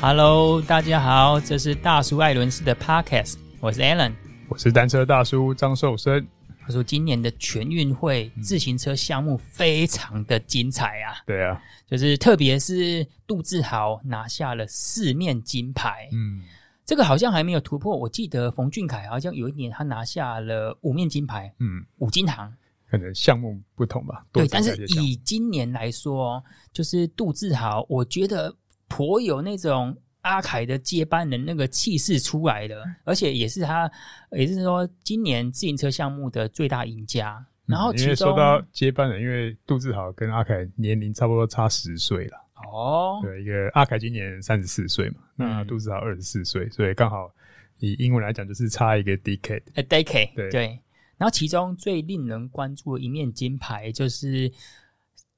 Hello，大家好，這是大叔艾倫斯的 Podcast，我是 Alan，我是單車大叔張壽生。他說今年的全運會自行車項目非常的精彩啊，嗯、對啊，就是特別是杜志濠拿下了四面金牌，嗯，這個好像還沒有突破。我記得馮俊凱好像有一年他拿下了五面金牌，嗯，五金堂，可能項目不同吧。對，但是以今年來說，就是杜志濠，我覺得。頗有那種阿凱的接班人那個氣勢出來的，而且也是他，也是說今年自行車項目的最大贏家。然後其、嗯、因為說到接班人，因為杜志濠跟阿凱年齡差不多差十歲了。哦，對，一個阿凱今年三十四歲嘛，那杜志濠二十四歲，嗯、所以剛好以英文來講就是差一個 decade，a decade，對、啊、對。然後其中最令人關注的一面金牌就是。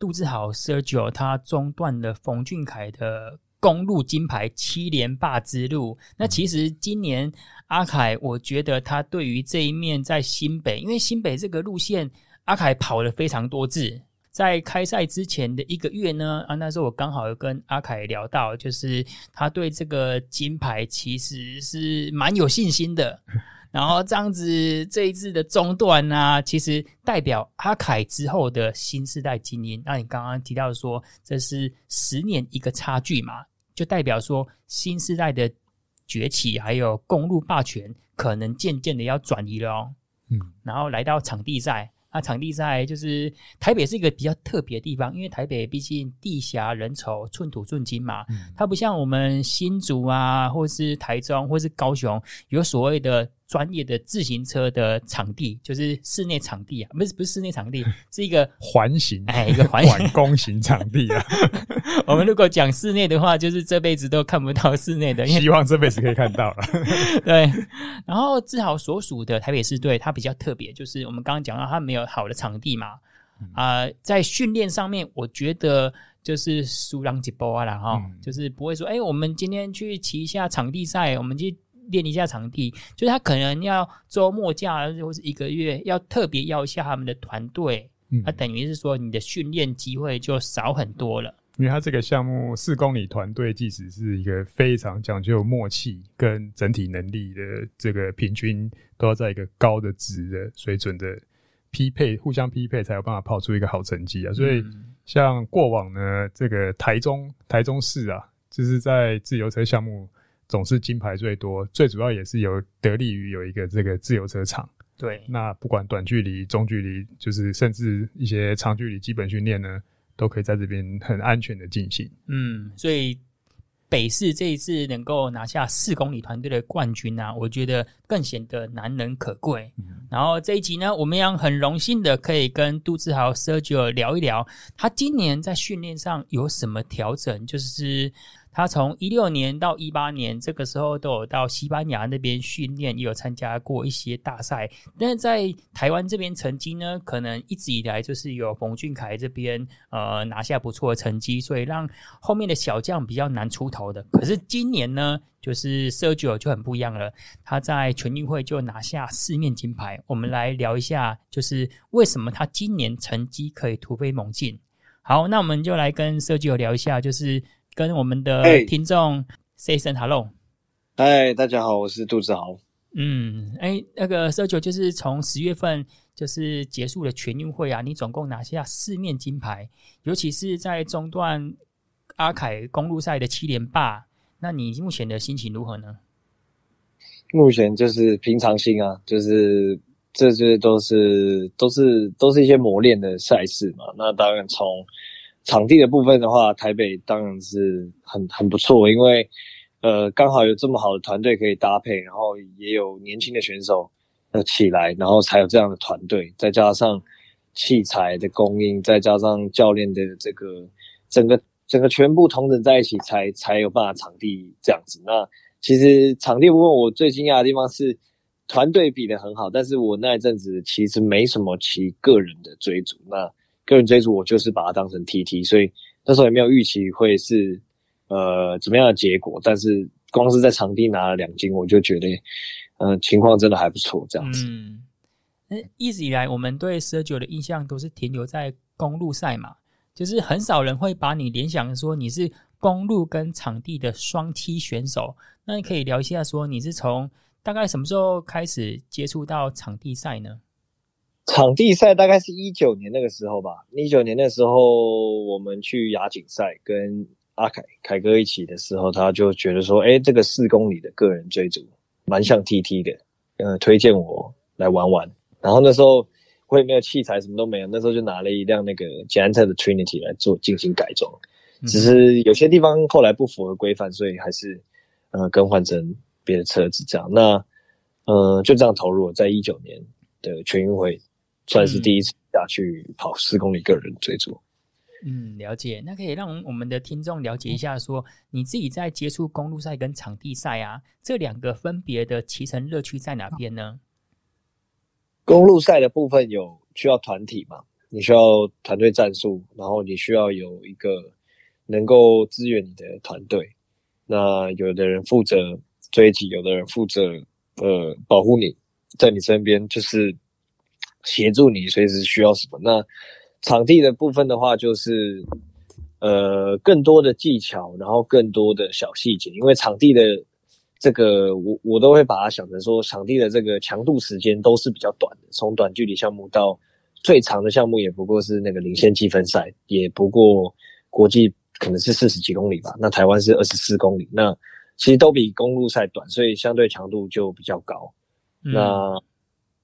杜志濠、Sergio 他中斷了馮俊凱的公路金牌七連霸之路。那其實今年阿凱，我覺得他對於這一面在新北，因為新北這個路線阿凱跑了非常多次，在開賽之前的一個月呢，啊，那時候我剛好有跟阿凱聊到，就是他對這個金牌其實是蠻有信心的。 然後這樣子，這一次的中斷呢、啊，其實代表阿凱之後的新世代精英。那你剛剛提到說，這是十年一個差距嘛，就代表說新世代的崛起，還有公路霸權可能漸漸的要轉移了、哦。嗯，然後來到場地賽，那、啊、場地賽就是台北是一個比較特別的地方，因為台北畢竟地狹人稠，寸土寸金嘛。嗯，它不像我們新竹啊，或是台中，或是高雄，有所謂的。專業的自行車的場地就是室內場地啊，不是不是室內場地，是一個環形哎，一個環形弓形場地啊。 我們如果講室內的話，就是這輩子都看不到室內的，希望這輩子可以看到了。 對，然後志濠所屬的台北市隊，它比較特別，就是我們剛剛講到，它沒有好的場地嘛，啊、嗯呃，在訓練上面，我覺得就是輸人一步了哈，嗯、就是不會說，哎、欸，我們今天去騎一下場地賽，我們去。練一下場地，就是他可能要周末假或者一個月，要特別要一下他們的團隊，那、嗯啊、等於是說你的訓練機會就少很多了。因為他這個項目四公里團隊，即使是一個非常講究默契跟整體能力的，這個平均都要在一個高的值的水準的匹配，互相匹配才有辦法跑出一個好成績啊。所以像過往呢，這個台中台中市啊，就是在自由車項目，總是金牌最多，最主要也是有得力於有一個這個自由車場。對，那不管短距離、中距離，就是甚至一些長距離基本訓練呢，都可以在這邊很安全的進行。嗯，所以北市這一次能夠拿下四公里團隊的冠軍呢、啊，我覺得更顯得難能可貴。嗯、然後這一集呢，我們要很榮幸的可以跟杜志濠 s e r、嗯、聊一聊，他今年在訓練上有什麼調整，就是。他從一六年到一八年，這個時候都有到西班牙那邊訓練，也有參加過一些大賽。但是在台灣這邊成績呢，可能一直以來就是有馮俊凱這邊呃拿下不錯的成績，所以讓後面的小將比較難出頭的。可是今年呢，就是 Sergio 就很不一樣了，他在全運會就拿下四面金牌。我們來聊一下，就是為什麼他今年成績可以突飛猛進。好，那我們就來跟 Sergio 聊一下，就是。跟我們的聽眾 Hey, Say 聲 Hello，嗨，hey, 大家好，我是杜志濠。嗯，哎、欸，那個 Sergio 就是從十月份就是結束了全運會啊，你總共拿下四面金牌，尤其是在中斷阿凱公路賽的七連霸，那你目前的心情如何呢？目前就是平常心啊，就是這些都是都是都是一些磨練的賽事嘛，那當然從。場地的部分的話，台北當然是很很不錯，因為，呃，剛好有這麼好的團隊可以搭配，然後也有年輕的選手，要、呃、起來，然後才有這樣的團隊，再加上器材的供應，再加上教練的這個整個整個全部同等在一起才，才才有辦法場地這樣子。那其實場地部分我最驚訝的地方是，團隊比得很好，但是我那一陣子其實沒什麼其個人的追逐那。個人追逐，我就是把它當成 T T，所以那時候也沒有預期會是呃怎麼樣的結果。但是光是在場地拿了兩金，我就覺得嗯、呃、情況真的還不錯。這樣子。嗯。那一直以來，我們對十九的印象都是停留在公路賽嘛，就是很少人會把你聯想說你是公路跟場地的雙 T 選手。那你可以聊一下說你是從大概什麼時候開始接觸到場地賽呢？場地賽大概是一九年那個時候吧，一九年那時候我們去亞錦賽跟阿凱凱哥一起的時候，他就覺得說，哎、欸，這個四公里的個人追逐蠻像 TT 的，呃推薦我來玩玩。然後那時候我也沒有器材，什麼都沒有，那時候就拿了一輛那個捷安特的 Trinity 來做進行改裝，只是有些地方後來不符合規範，所以還是，呃，更換成別的車子這樣。那，呃，就這樣投入了在一九年的全運會。算是第一次下去跑四公里個人追逐。嗯，了解。那可以讓我們的聽眾了解一下說，說，嗯，你自己在接觸公路賽跟場地賽啊，這兩個分別的騎乘樂趣在哪邊呢？公路賽的部分有需要團體嘛？你需要團隊戰術，然後你需要有一個能夠支援你的團隊。那有的人負責追擊，有的人負責呃保護你，在你身邊就是。協助你隨時需要什麼。那場地的部分的話，就是呃更多的技巧，然後更多的小細節。因為場地的這個，我我都會把它想成說，場地的這個強度時間都是比較短的。從短距離項目到最長的項目，也不過是那個領先積分賽，也不過國際可能是四十幾公里吧。那台灣是二十四公里，那其實都比公路賽短，所以相對強度就比較高。嗯、那。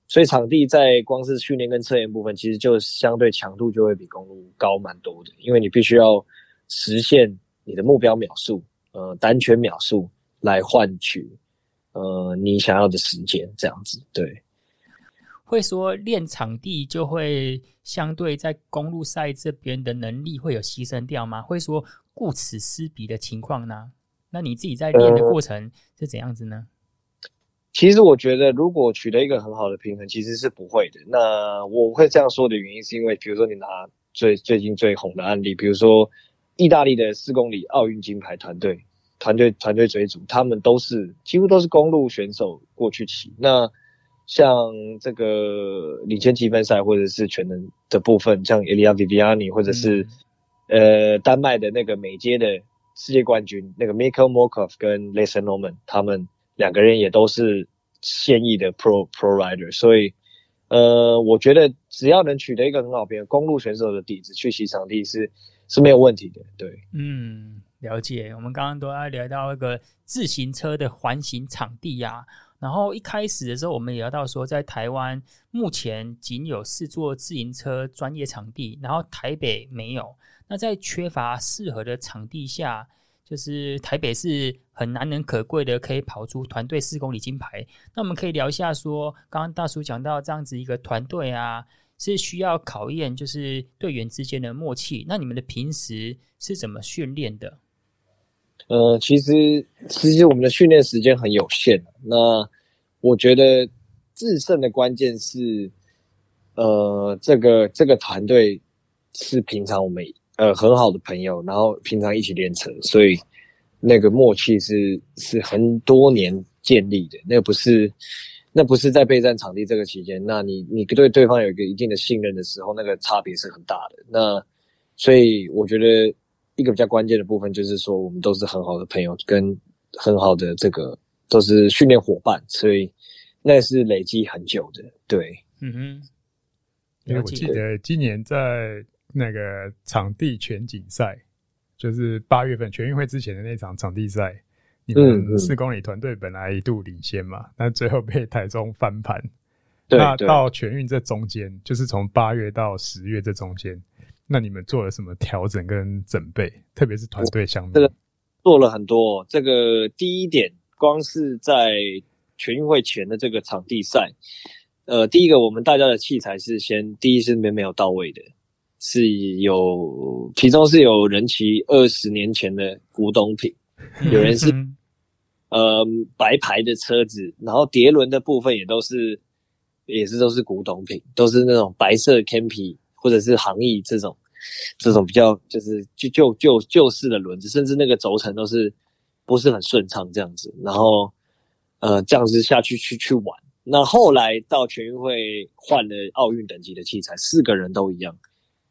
所以場地在光是訓練跟測驗部分，其實就相對強度就會比公路高蠻多的，因為你必須要實現你的目標秒數，呃，單圈秒數來換取，呃，你想要的時間這樣子。對，會說練場地，就會相對在公路賽這邊的能力會有犧牲掉嗎？會說顧此失彼的情況呢？那你自己在練的過程是怎樣子呢？嗯其實我覺得，如果取得一個很好的平衡，其實是不會的。那我會這樣說的原因，是因為比如說你拿最最近最紅的案例，比如說意大利的四公里奧運金牌團隊，團隊團隊追逐，他們都是幾乎都是公路選手過去騎。那像這個領先積分賽或者是全能的部分，像 Elia Viviani 或者是、嗯、呃丹麥的那個美階的世界冠軍那個 Michael Mørkøv 跟 Lasse Norman 他們。兩個人也都是現役的 pro pro rider，所以，呃，我覺得只要能取得一個很好的公路選手的底子，去騎場地是是沒有問題的。對，嗯，了解。我們剛剛都要聊到一個自行車的環形場地呀、啊，然後一開始的時候，我們也聊到說，在台灣目前僅有四座自行車專業場地，然後台北沒有。那在缺乏適合的場地下，就是台北市很難能可貴的，可以跑出團隊四公里金牌。那我們可以聊一下說，說剛剛大叔講到這樣子一個團隊啊，是需要考驗，就是隊員之間的默契。那你們的平時是怎麼訓練的？呃，其實其實我們的訓練時間很有限。那我覺得制勝的關鍵是，呃，這個這個團隊是平常我們。呃，很好的朋友，然後平常一起練車，所以那個默契是是很多年建立的。那不是，那不是在備戰場地這個期間，那你你對對方有一個一定的信任的時候，那個差別是很大的。那所以我覺得一個比較關鍵的部分就是說，我們都是很好的朋友，跟很好的這個都是訓練夥伴，所以那是累積很久的。對，嗯哼，因為我記得今年在。那個場地全錦賽，就是八月份全運會之前的那場場地賽，你們四公里團隊本來一度領先嘛，但、嗯、最後被台中翻盤。對那到全運這中間，就是從八月到十月這中間，那你們做了什麼調整跟準備？特別是團隊相對這個做了很多。這個第一點，光是在全運會前的這個場地賽，呃，第一個我們大家的器材是先第一是沒沒有到位的。是有，其中是有人騎二十年前的古董品，有人是嗯、呃、白牌的車子，然後碟輪的部分也都是，也是都是古董品，都是那種白色 campy 或者是航意這種，這種比較就是舊舊舊舊式的輪子，甚至那個軸承都是不是很順暢這樣子，然後呃這樣子下去去去玩，那後來到全運會換了奧運等級的器材，四個人都一樣。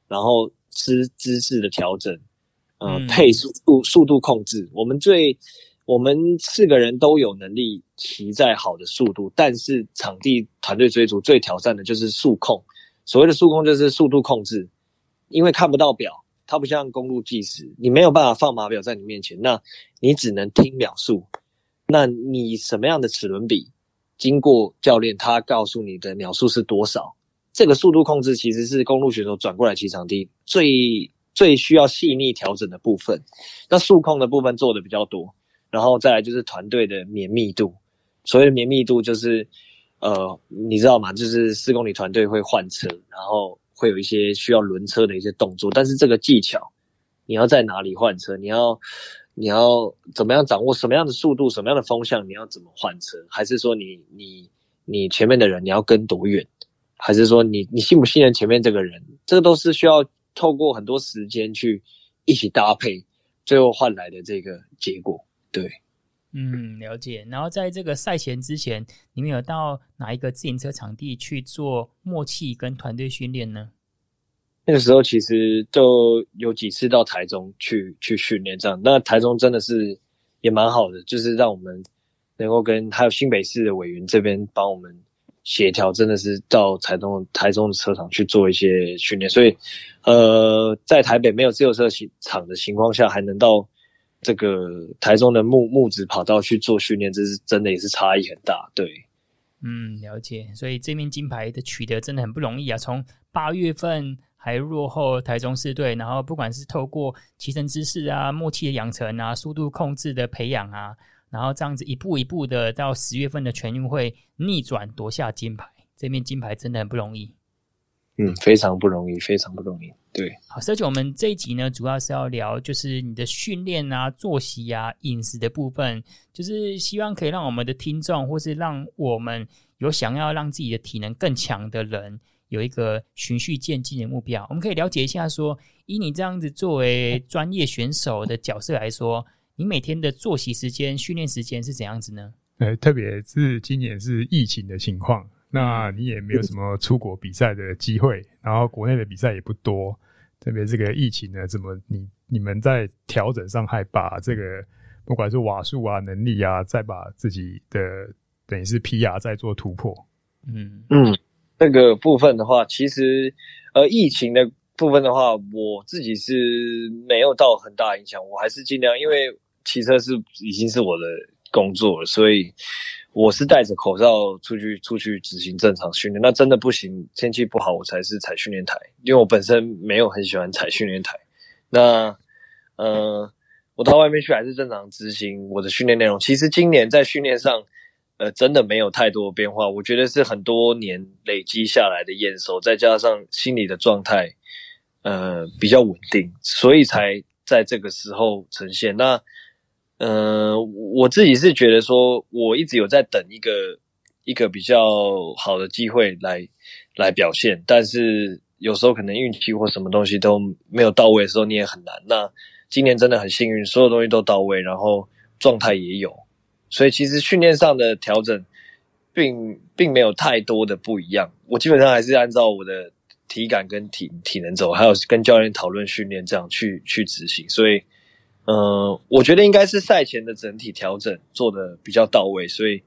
然後姿姿勢的調整，呃、嗯，配速度速度控制，我們最我們四個人都有能力騎在好的速度，但是場地團隊追逐最挑戰的就是速控。所謂的速控就是速度控制，因為看不到表，它不像公路計時，你沒有辦法放碼表在你面前，那你只能聽秒數。那你什麼樣的齒輪比，經過教練他告訴你的秒數是多少？這個速度控制其實是公路選手轉過來騎場地，最最需要細膩調整的部分。那速控的部分做的比較多，然後再來就是團隊的綿密度。所謂的綿密度就是，呃，你知道嗎？就是四公里團隊會換車，然後會有一些需要輪車的一些動作。但是這個技巧，你要在哪裡換車？你要你要怎麼樣掌握什麼樣的速度，什麼樣的風向？你要怎麼換車？還是說你你你前面的人你要跟多遠？還是說你你信不信任前面這個人？這個都是需要透過很多時間去一起搭配，最後換來的這個結果。對，嗯，了解。然後在這個賽前之前，你們有到哪一個自行車場地去做默契跟團隊訓練呢？那個時候其實就有幾次到台中去去訓練，這樣。那台中真的是也蠻好的，就是讓我們能夠跟還有新北市的委員這邊幫我們。協調真的是到台中，台中的車場去做一些訓練，所以，呃，在台北沒有自由車場的情況下，還能到這個台中的木木質跑道去做訓練，這是真的也是差異很大。對，嗯，了解。所以這面金牌的取得真的很不容易啊！從八月份還落後台中市隊，然後不管是透過騎乘姿勢啊、默契的養成啊、速度控制的培養啊。然後這樣子一步一步的到十月份的全運會逆轉奪下金牌，這面金牌真的很不容易。嗯，非常不容易，非常不容易。對，好，所以我們這一集呢，主要是要聊就是你的訓練啊、作息啊、飲食的部分，就是希望可以讓我們的聽眾或是讓我們有想要讓自己的體能更強的人有一個循序漸進的目標。我們可以了解一下說，說以你這樣子作為專業選手的角色來說。你每天的作息時間、訓練時間是怎樣子呢？呃，特別是今年是疫情的情況，那你也沒有什麼出國比賽的機會， 然後國內的比賽也不多。特別這個疫情呢，怎麼你你們在調整上還把這個不管是瓦數啊、能力啊，再把自己的等於是 PR 再做突破。嗯嗯，嗯那個部分的話，其實呃疫情的部分的話，我自己是沒有到很大影響，我還是盡量因為。騎車是已經是我的工作了，所以我是戴着口罩出去出去執行正常訓練。那真的不行，天氣不好，我才是踩訓練台，因為我本身沒有很喜歡踩訓練台。那，呃，我到外面去還是正常執行我的訓練內容。其實今年在訓練上，呃，真的沒有太多變化。我覺得是很多年累積下來的驗收，再加上心理的狀態，呃，比較穩定，所以才在這個時候呈現。那。嗯、呃，我自己是覺得說，我一直有在等一個一個比較好的機會來來表現，但是有時候可能運氣或什麼東西都沒有到位的時候，你也很難。那今年真的很幸運，所有東西都到位，然後狀態也有，所以其實訓練上的調整並並沒有太多的不一樣。我基本上還是按照我的體感跟體體能走，還有跟教練討論訓練，這樣去去執行。所以。嗯、呃，我覺得應該是賽前的整體調整做得比較到位，所以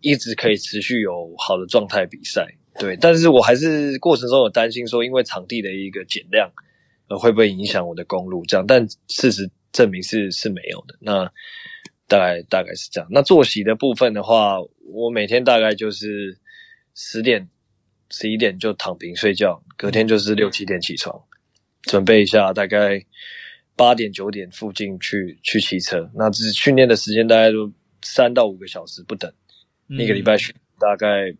一直可以持續有好的狀態比賽。對，但是我還是過程中有擔心說，因為場地的一個減量、呃，會不會影響我的公路？這樣，但事實證明是是沒有的。那大概大概是這樣。那作息的部分的話，我每天大概就是十點、十一點就躺平睡覺，隔天就是六七點起床，準備一下，大概。八點九點附近去去騎車，那這訓練的時間大概都三到五個小時不等。嗯、一個禮拜大概，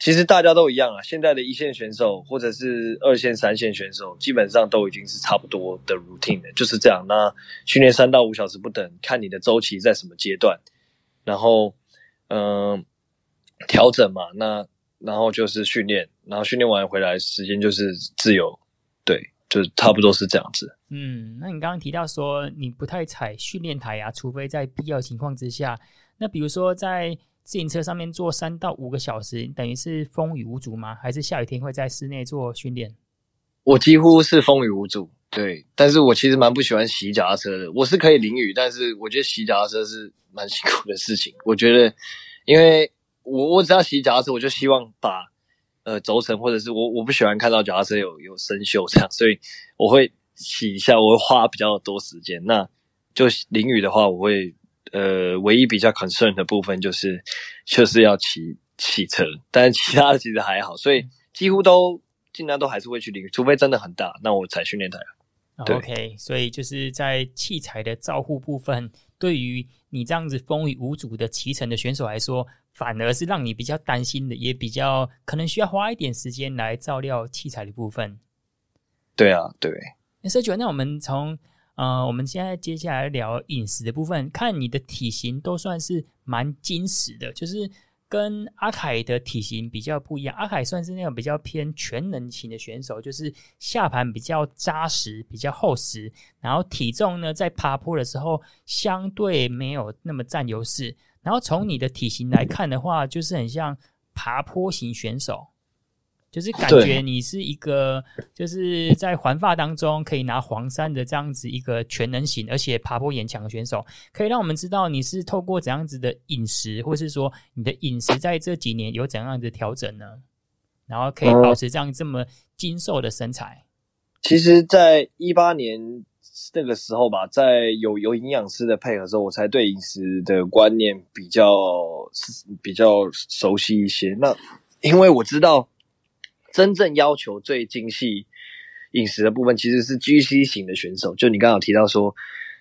其實大家都一樣啊。現在的一線選手或者是二線、三線選手，基本上都已經是差不多的 routine 了，就是這樣。那訓練三到五小時不等，看你的周期在什麼階段，然後嗯、呃、調整嘛，那然後就是訓練，然後訓練完回來時間就是自由，對，就差不多是這樣子。嗯，那你剛剛提到說你不太踩訓練台啊，除非在必要情況之下。那比如說在自行車上面坐三到五個小時，等於是風雨無阻嗎？還是下雨天會在室內做訓練？我幾乎是風雨無阻，對。但是我其實蠻不喜歡洗腳踏車的。我是可以淋雨，但是我覺得洗腳踏車是蠻辛苦的事情。我覺得，因為我我只要洗腳踏車，我就希望把呃軸承或者是我我不喜歡看到腳踏車有有生鏽這樣，所以我會。洗一下，我會花比較多時間。那就淋雨的話，我會呃，唯一比較 concern 的部分就是，就是要騎汽車，但其他的其實還好，所以幾乎都盡量都還是會去淋雨，除非真的很大，那我才訓練台。Oh, ok 所以就是在器材的照護部分，對於你這樣子風雨無阻的騎乘的選手來說，反而是讓你比較擔心的，也比較可能需要花一點時間來照料器材的部分。對啊，對。那我們從呃，我們現在接下來聊飲食的部分。看你的體型都算是蠻精實的，就是跟阿凱的體型比較不一樣。阿凱算是那種比較偏全能型的選手，就是下盤比較扎實、比較厚實，然後體重呢在爬坡的時候相對沒有那麼占優勢。然後從你的體型來看的話，就是很像爬坡型選手。就是感覺你是一個，就是在環法當中可以拿黃衫的這樣子一個全能型，而且爬坡也強的選手，可以讓我們知道你是透過怎樣子的飲食，或是說你的飲食在這幾年有怎樣的調整呢？然後可以保持這樣這麼精瘦的身材。其實，在一八年那個時候吧，在有有營養師的配合之後，我才對飲食的觀念比較比較熟悉一些。那因為我知道。真正要求最精細飲食的部分，其實是 GC 型的選手。就你剛剛有提到說，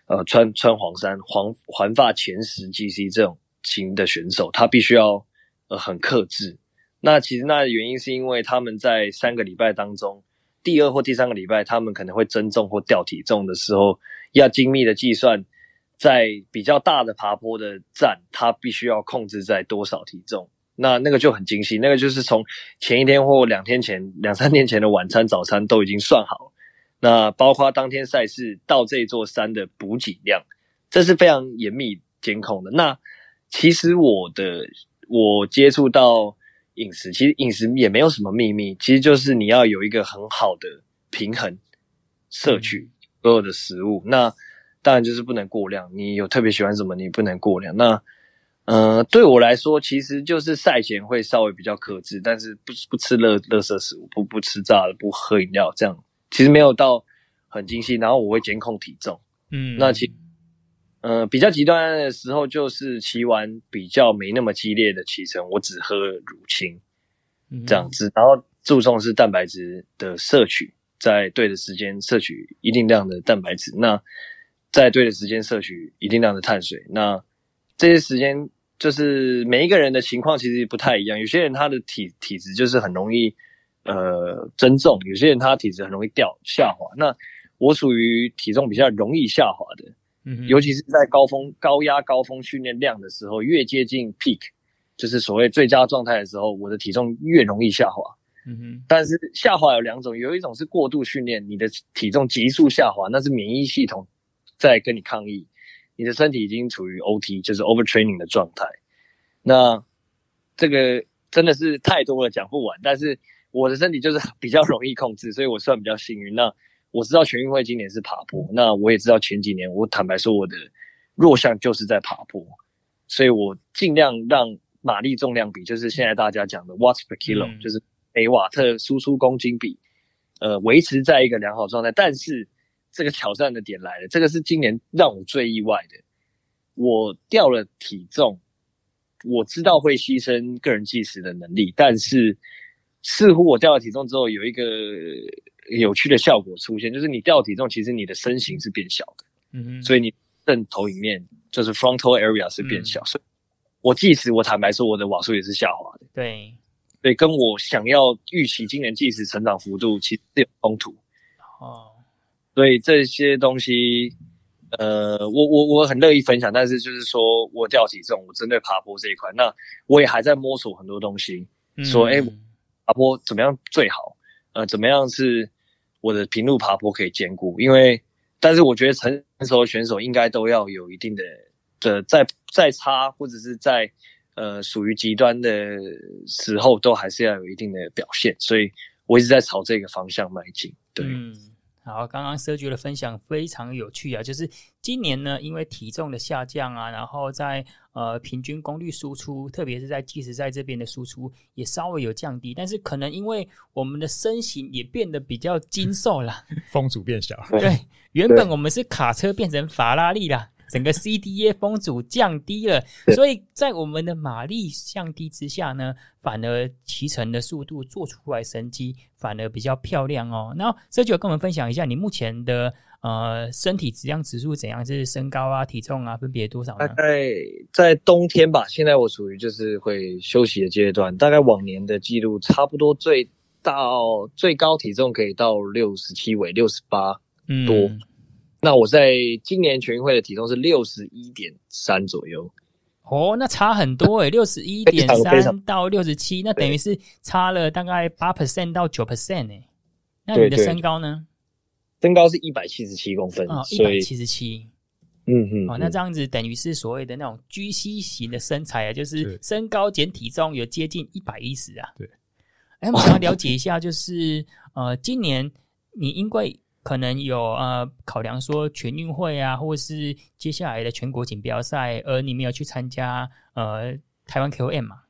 呃，穿穿黃衫、黃環法前十 GC 這種型的選手，他必須要呃很克制。那其實那的原因是因為他們在三個禮拜當中，第二或第三個禮拜，他們可能會增重或掉體重的時候，要精密的計算，在比較大的爬坡的站，他必須要控制在多少體重。那那個就很精細，那個就是從前一天或兩天前，兩三天前的晚餐、早餐，都已經算好。那包括當天賽事到這座山的補給量，這是非常嚴密監控的。那其實我的我接觸到飲食，其實飲食也沒有什麼秘密，其實就是你要有一個很好的平衡攝取所有的食物。嗯。那當然就是不能過量，你有特別喜歡什麼，你不能過量。那嗯、呃，對我來說，其實就是賽前會稍微比較克制，但是不不吃垃圾食物，不不吃炸的，不喝飲料，這樣其實沒有到很精細。然後我會監控體重，嗯，那其呃比較極端的時候，就是騎完比較沒那麼激烈的騎程，我只喝乳清，這樣子，嗯、然後注重是蛋白質的攝取，在對的時間攝取一定量的蛋白質，那在對的時間攝取一定量的碳水，那這些時間。就是每一個人的情況其實不太一樣，有些人他的體體質就是很容易，呃增重；有些人他的體質很容易掉下滑。那我屬於體重比較容易下滑的，嗯哼，尤其是在高峰、高壓、高峰訓練量的時候，越接近 peak，就是所謂最佳狀態的時候，我的體重越容易下滑，嗯哼。但是下滑有兩種，有一種是過度訓練，你的體重急速下滑，那是免疫系統在跟你抗議。你的身體已經處於 OT，就是 overtraining 的狀態。那這個真的是太多了，講不完。但是我的身體就是比較容易控制， 所以我算比較幸運。那我知道全運會今年是爬坡，嗯、那我也知道前幾年我坦白說我的弱項就是在爬坡，所以我儘量讓馬力重量比，就是現在大家講的 watt per kilo、嗯、就是每瓦特輸出公斤比，呃，維持在一個良好狀態。但是這個挑戰的點來了，這個是今年讓我最意外的。我掉了體重，我知道會犧牲個人計時的能力，但是似乎我掉了體重之後，有一個有趣的效果出現，就是你掉了體重，其實你的身形是變小的，嗯哼，所以你正投影面就是 frontal area 是變小，嗯、所以我計時，我坦白說，我的瓦數也是下滑的，對，對，跟我想要預期今年計時成長幅度其實有衝突，哦。所以這些東西，呃，我我我很樂意分享，但是就是說我掉體重，我針對爬坡這一塊，那我也還在摸索很多東西，說哎、嗯，爬坡怎麼樣最好？呃，怎麼樣是我的平路爬坡可以兼顧？因為，但是我覺得成熟的選手應該都要有一定的的、呃，在在差或者是在呃屬於極端的時候，都還是要有一定的表現，所以我一直在朝這個方向邁進。對。嗯然後剛剛志濠的分享非常有趣啊，就是今年呢，因為體重的下降啊，然後在呃平均功率輸出，特別是在計時賽這邊的輸出也稍微有降低，但是可能因為我們的身形也變得比較精瘦了，風阻變小， 對，原本我們是卡車變成法拉利啦。整個 CDA 風阻降低了，所以在我們的馬力降低之下呢，反而騎乘的速度做出來成績反而比較漂亮哦。然後，這就跟我們分享一下你目前的呃身體質量指數怎樣？就是身高啊、體重啊分別多少？大概在冬天吧，現在我屬於就是會休息的階段。大概往年的記錄差不多最到、哦、最高體重可以到六十七尾六十八多。嗯那我在今年全運會的體重是六十一點三左右。哦，那差很多誒、欸，六十一點三到六十七，那等於是差了大概八 percent 到九 percent、欸、那你的身高呢？對對，身高是一百七十七公分，哦，一百七十七。以嗯嗯。哦，那這樣子等於是所謂的那種 G C 型的身材啊，就是身高減體重有接近一百一十啊。對。哎、欸，我想要了解一下，就是呃，今年你因為。可能有呃，考量說，全運會啊，或者是接下來的全國錦標賽，而你沒有去參加呃，台灣 KOM 嘛，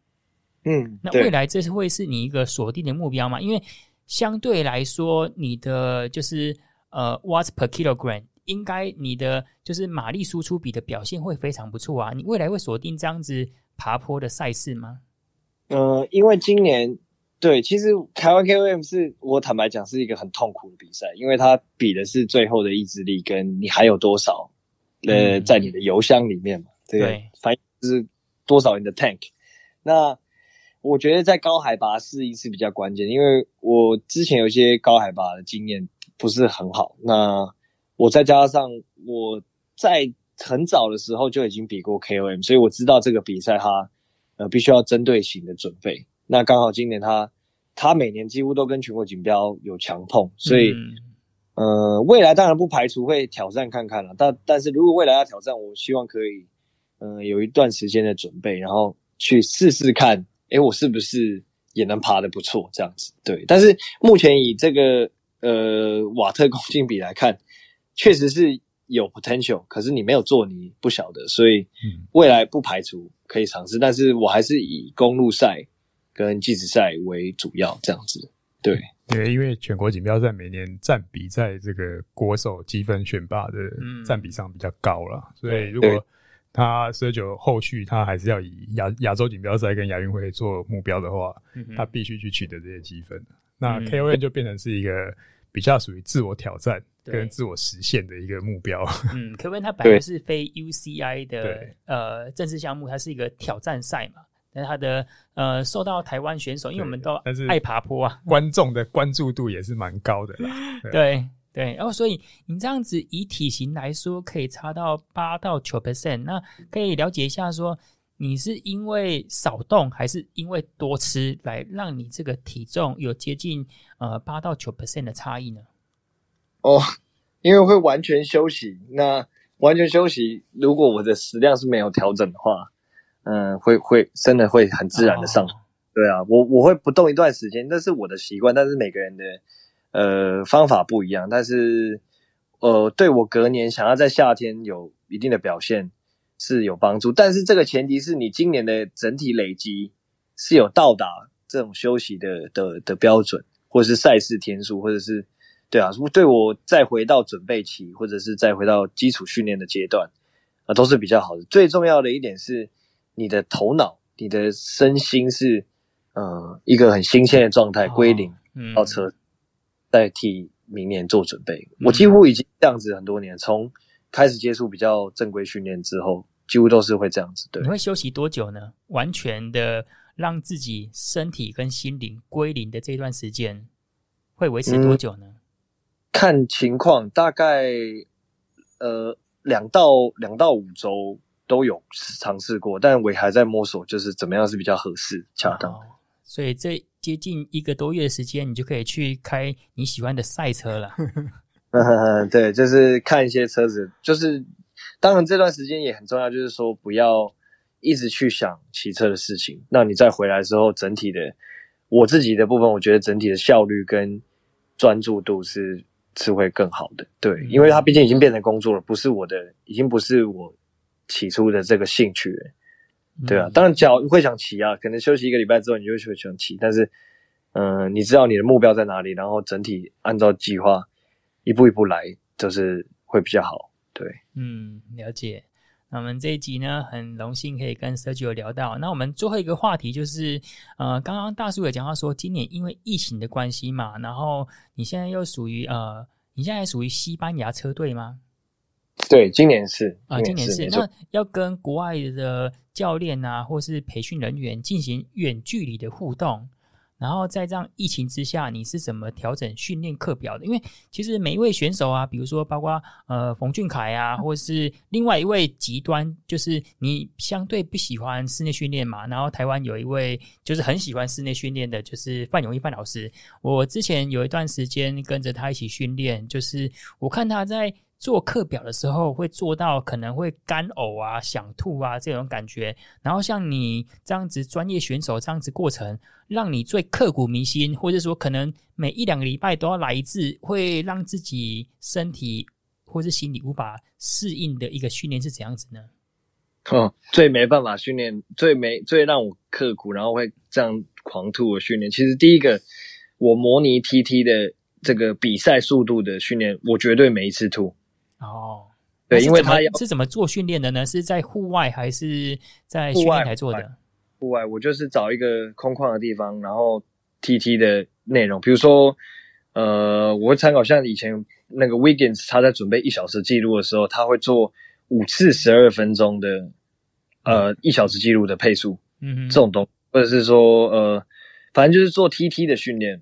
嗯，那未來這是會是你一個鎖定的目標嗎？對因為相對來說你的就是呃 watts per kilogram 應該你的就是馬力輸出比的表現會非常不錯啊，你未來會鎖定這樣子爬坡的賽事嗎？呃，因為今年。對，其實台灣 KOM 是我坦白講，是一個很痛苦的比賽，因為它比的是最後的意志力，跟你還有多少、嗯、呃在你的油箱裡面嘛，對、這個，反正就是多少人的 tank。對那我覺得在高海拔是一次比較關鍵，因為我之前有一些高海拔的經驗不是很好。那我再加上我在很早的時候就已經比過 KOM，所以我知道這個比賽它呃必須要針對性的準備。那剛好今年它。他每年幾乎都跟全國錦標有強碰，所以，嗯、呃，未來當然不排除會挑戰看看了。但但是如果未來要挑戰，我希望可以，嗯、呃，有一段時間的準備，然後去試試看，誒、欸，我是不是也能爬得不錯這樣子？對。但是目前以這個呃瓦特公斤比來看，確實是有 potential，可是你沒有做，你不曉得。所以未來不排除可以嘗試、嗯，但是我還是以公路賽跟計時賽為主要這樣子，對，因為因為，全國錦標賽每年占比在這個國手積分選拔的占比上比較高了，嗯、所以如果他十九後續，他還是要以亞亞洲錦標賽跟亞運會做目標的話，嗯、哼他必須去取得這些積分。嗯、哼那 KON 就變成是一個比較屬於自我挑戰跟自我實現的一個目標。嗯，KON 它本來是非 UCI 的對呃正式項目，它是一個挑戰賽嘛。那他的呃，受到台灣選手，因為我們都愛爬坡啊，觀眾的關注度也是蠻高的啦。對 對，然後、哦、所以你這樣子以體型來說，可以差到八到九 percent。那可以了解一下，說你是因為少動還是因為多吃來讓你這個體重有接近呃八到九 percent 的差異呢？哦，因為會完全休息。那完全休息，如果我的食量是沒有調整的話。嗯，會會真的會很自然的上，oh. 對啊，我我會不動一段時間，那是我的習慣，但是每個人的呃方法不一樣，但是呃對我隔年想要在夏天有一定的表現是有幫助，但是這個前提是你今年的整體累積是有到達這種休息的的的標準，或者是賽事天數，或者是對啊，如果對我再回到準備期，或者是再回到基礎訓練的階段啊、呃，都是比較好的。最重要的一點是，你的頭腦、你的身心是，呃，一個很新鮮的狀態，哦、歸零，嗯，到車，代替明年做準備。嗯，我幾乎已經這樣子很多年，從開始接觸比較正規訓練之後，幾乎都是會這樣子的，對。你會休息多久呢？完全的讓自己身體跟心靈歸零的這段時間，會維持多久呢？嗯，看情況，大概呃兩到兩到五周。都有嘗試過，但我也還在摸索，就是怎麼樣是比較合適、恰當。所以這接近一個多月的時間，你就可以去開你喜歡的賽車了 、嗯。對，就是看一些車子。就是當然這段時間也很重要，就是說不要一直去想騎車的事情。那你再回來之後，整體的我自己的部分，我覺得整體的效率跟專注度是是會更好的。對，嗯、因為它畢竟已經變成工作了，不是我的，已經不是我。起初的這個興趣，對啊，當然腳會想騎啊，可能休息一個禮拜之後，你就會想騎。但是，嗯、呃，你知道你的目標在哪裡，然後整體按照計劃一步一步來，就是會比較好。對，嗯，了解。那我們這一集呢，很榮幸可以跟志濠聊到。那我們最後一個話題就是，呃，剛剛大叔也講到說，今年因為疫情的關係嘛，然後你現在又屬於呃，你現在屬於西班牙車隊嗎？對，今年是，今年是啊，今年是沒錯。那要跟國外的教練啊，或是培訓人員進行遠距離的互動，然後在這樣疫情之下，你是怎麼調整訓練課表的？因為其實每一位選手啊，比如說包括呃馮俊凱啊，或是另外一位極端，就是你相對不喜歡室內訓練嘛，然後台灣有一位就是很喜歡室內訓練的，就是范永毅范老師，我之前有一段時間跟着他一起訓練，就是我看他在。做課表的時候，會做到可能會乾嘔啊、想吐啊這種感覺。然後像你這樣子專業選手這樣子過程，讓你最刻骨銘心，或者說可能每一兩個禮拜都要來一次，會讓自己身體或者心理無法適應的一個訓練是怎樣子呢？哦，最沒辦法訓練，最沒最讓我刻骨，然後會這樣狂吐的訓練。其實第一個，我模擬 TT 的這個比賽速度的訓練，我絕對每一次吐。對，因為他要是怎麼做訓練的呢？是在戶外還是在訓練台做的？戶外，戶外，我就是找一個空曠的地方，然後 T T 的內容，比如說，呃，我會參考像以前那個 Wiggins，他在準備一小時記錄的時候，他會做五次十二分鐘的，呃，嗯、一小時記錄的配速，嗯，這種東西，嗯、哼或者是說，呃，反正就是做 T T 的訓練，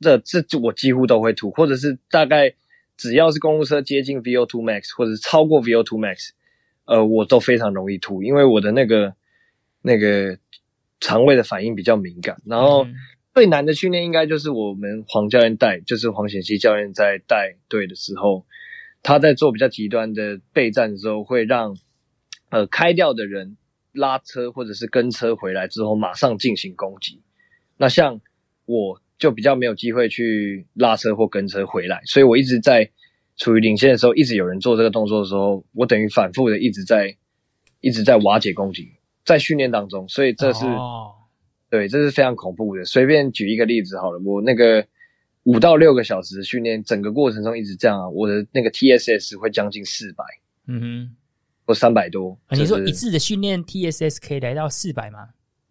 這這我幾乎都會吐，或者是大概。只要是公路車接近 VO2max 或者超過 VO2max，呃，我都非常容易吐，因為我的那個那個腸胃的反應比較敏感。然後最難的訓練應該就是我們黃教練帶，就是黃顯熙教練在帶隊的時候，他在做比較極端的備戰的時候，會讓呃開掉的人拉車或者是跟車回來之後馬上進行攻擊。那像我。就比較沒有機會去拉車或跟車回來，所以我一直在處於領先的時候，一直有人做這個動作的時候，我等於反覆的一直在一直在瓦解攻擊，在訓練當中，所以這是對，這是非常恐怖的。隨便舉一個例子好了，我那個五到六個小時的訓練，整個過程中一直這樣啊，我的那個 TSS 會將近四百，嗯哼，或三百多。你說一次的訓練 TSS 可以來到四百嗎？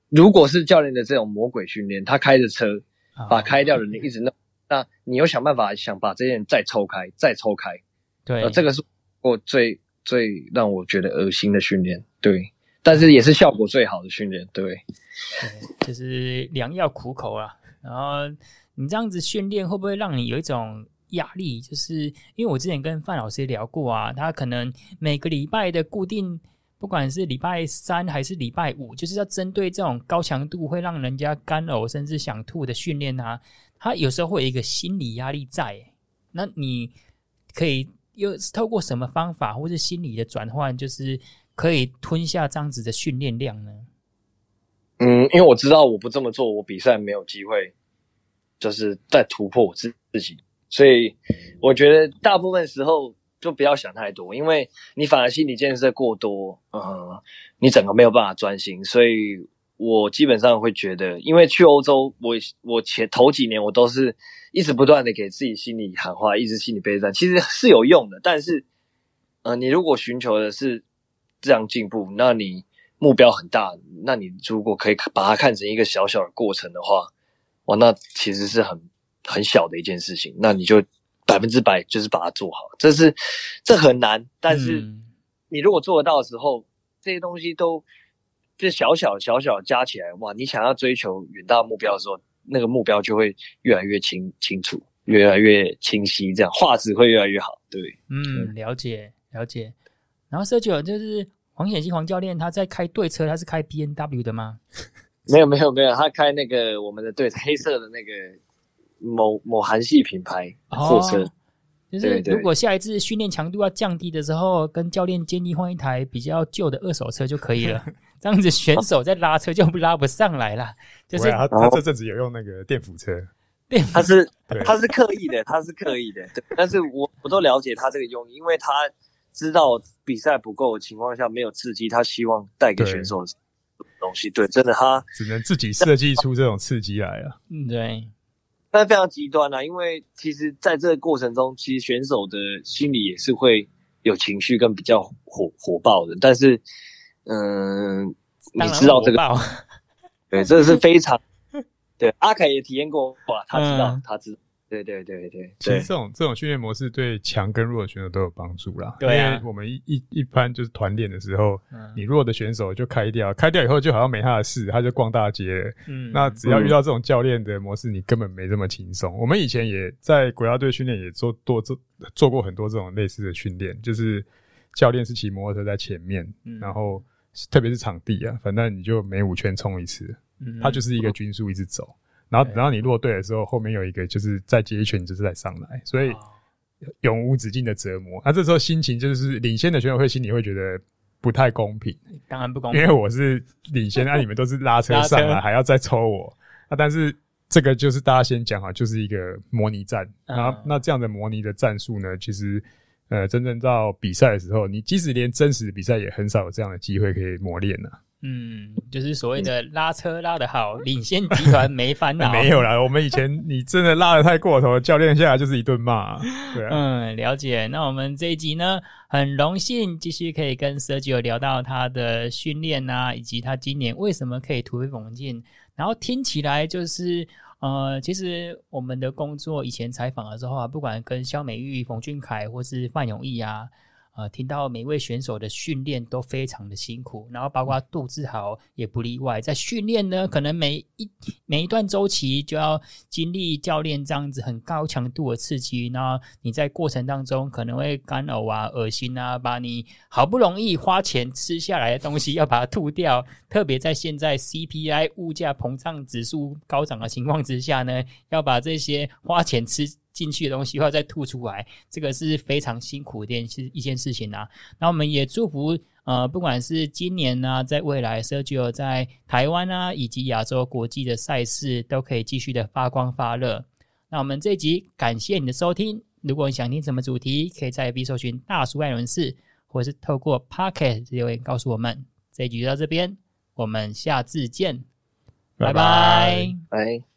如果是教練的這種魔鬼訓練，他開着車。把開掉的你一直弄，oh, okay. 那你又想辦法想把這件再抽開，再抽開，對、呃，這個是我最最讓我覺得噁心的訓練，對，但是也是效果最好的訓練，對，對就是良藥苦口啊。 然後你這樣子訓練會不會讓你有一種壓力？就是因為我之前跟范老師聊過啊，他可能每個禮拜的固定。不管是禮拜三還是禮拜五，就是要針對這種高強度會讓人家乾嘔甚至想吐的訓練啊，他有時候會有一個心理壓力在欸。那你可以又透過什麼方法或是心理的轉換，就是可以吞下這樣子的訓練量呢？嗯，因為我知道我不這麼做，我比賽沒有機會，就是在突破我自自己。所以我覺得大部分時候，就不要想太多，因為你反而心理建設過多，嗯、呃，你整個沒有辦法專心。所以我基本上會覺得，因為去歐洲，我我前頭幾年我都是一直不斷的給自己心裡喊話，一直心裡備戰，其實是有用的。但是，嗯、呃，你如果尋求的是這樣進步，那你目標很大，那你如果可以把它看成一個小小的過程的話，哇，那其實是很很小的一件事情，那你就。百分之百就是把它做好，這是這很難，但是你如果做得到的時候，嗯、這些東西都這小，小小小小加起來哇，你想要追求遠大目標的時候，那個目標就會越來越清清楚，越來越清晰，這樣畫質會越來越好。對，嗯，了解了解。然後攝影就是黃顯金黃教練，他在開隊車，他是開 B N W 的嗎？沒有沒有沒有，他開那個我們的隊， 黑色的那個。某某韓系品牌貨、哦、車，就是如果下一次訓練強度要降低的時候，對對對跟教練建議換一台比較舊的二手車就可以了。 這樣子選手在拉車就不拉不上來了。就是他這陣子有用那個電輔車，電輔車他是對他是刻意的，他是刻意的。但是我我都了解他這個用意，因為他知道比賽不夠的情況下沒有刺激，他希望帶給選手的東西。對，對，真的他只能自己設計出這種刺激來啊、嗯。對。那非常極端啦、啊，因為其實在這個過程中，其實選手的心理也是會有情緒跟比較火火爆的。但是，嗯、呃，你知道這個，對，這是非常， 對，阿凱也體驗過，哇，他知道，嗯、他知道。對對對對，其實這種這種訓練模式對強跟弱的選手都有幫助啦，對啊、因為我們一一一般就是團練的時候，嗯、你弱的選手就開掉，開掉以後就好像沒他的事，他就逛大街了。嗯，那只要遇到這種教練的模式，你根本沒這麼輕鬆。嗯、我們以前也在國家隊訓練，也做多做做做過很多這種類似的訓練，就是教練是騎摩托車在前面，嗯、然後特別是場地啊，反正你就每五圈衝一次，嗯嗯，他就是一個均速一直走。然後等到你落隊的時候，後面有一個就是再接一圈，就是在上來，所以永無止境的折磨。啊。那這時候心情就是領先的選手會心裡會覺得不太公平，當然不公平，因為我是領先啊，你們都是拉車上來，還要再抽我啊。但是這個就是大家先講哈，就是一個模擬戰啊。然後那這樣的模擬的戰術呢，其實呃，真正到比賽的時候，你即使連真實的比賽也很少有這樣的機會可以磨練呢。嗯，就是所謂的拉車拉得好，嗯、領先集團沒煩惱、 欸。沒有啦，我們以前你真的拉得太過頭， 教練下來就是一頓罵、啊。對、啊，嗯，了解。那我們這一集呢，很榮幸繼續可以跟志濠聊到他的訓練啊，以及他今年為什麼可以突飛猛進。然後聽起來就是，呃，其實我們的工作以前採訪的時候啊，不管跟肖美玉、馮俊凱或是范永毅啊。聽到每位選手的訓練都非常的辛苦，然後包括杜志豪也不例外。在訓練呢，可能每一每一段週期就要經歷教練這樣子很高強度的刺激，然後你在過程當中可能會乾嘔啊、噁心啊，把你好不容易花錢吃下來的東西要把它吐掉。 特別在現在 CPI 物價膨脹指數高漲的情況之下呢，要把這些花錢吃。進去的東西要再吐出來，這個是非常辛苦的一件事情。啊、那我們也祝福呃，不管是今年呢，啊，在未來涉及到在台灣啊，以及亞洲國際的賽事，都可以繼續的發光發熱。那我們這一集感謝你的收聽，如果你想聽什麼主題，可以在、L、B 搜尋大叔愛人士」或者是透過 Pocket 留言告訴我們。這一集就到這邊，我們下次見，拜拜，拜、拜。拜拜。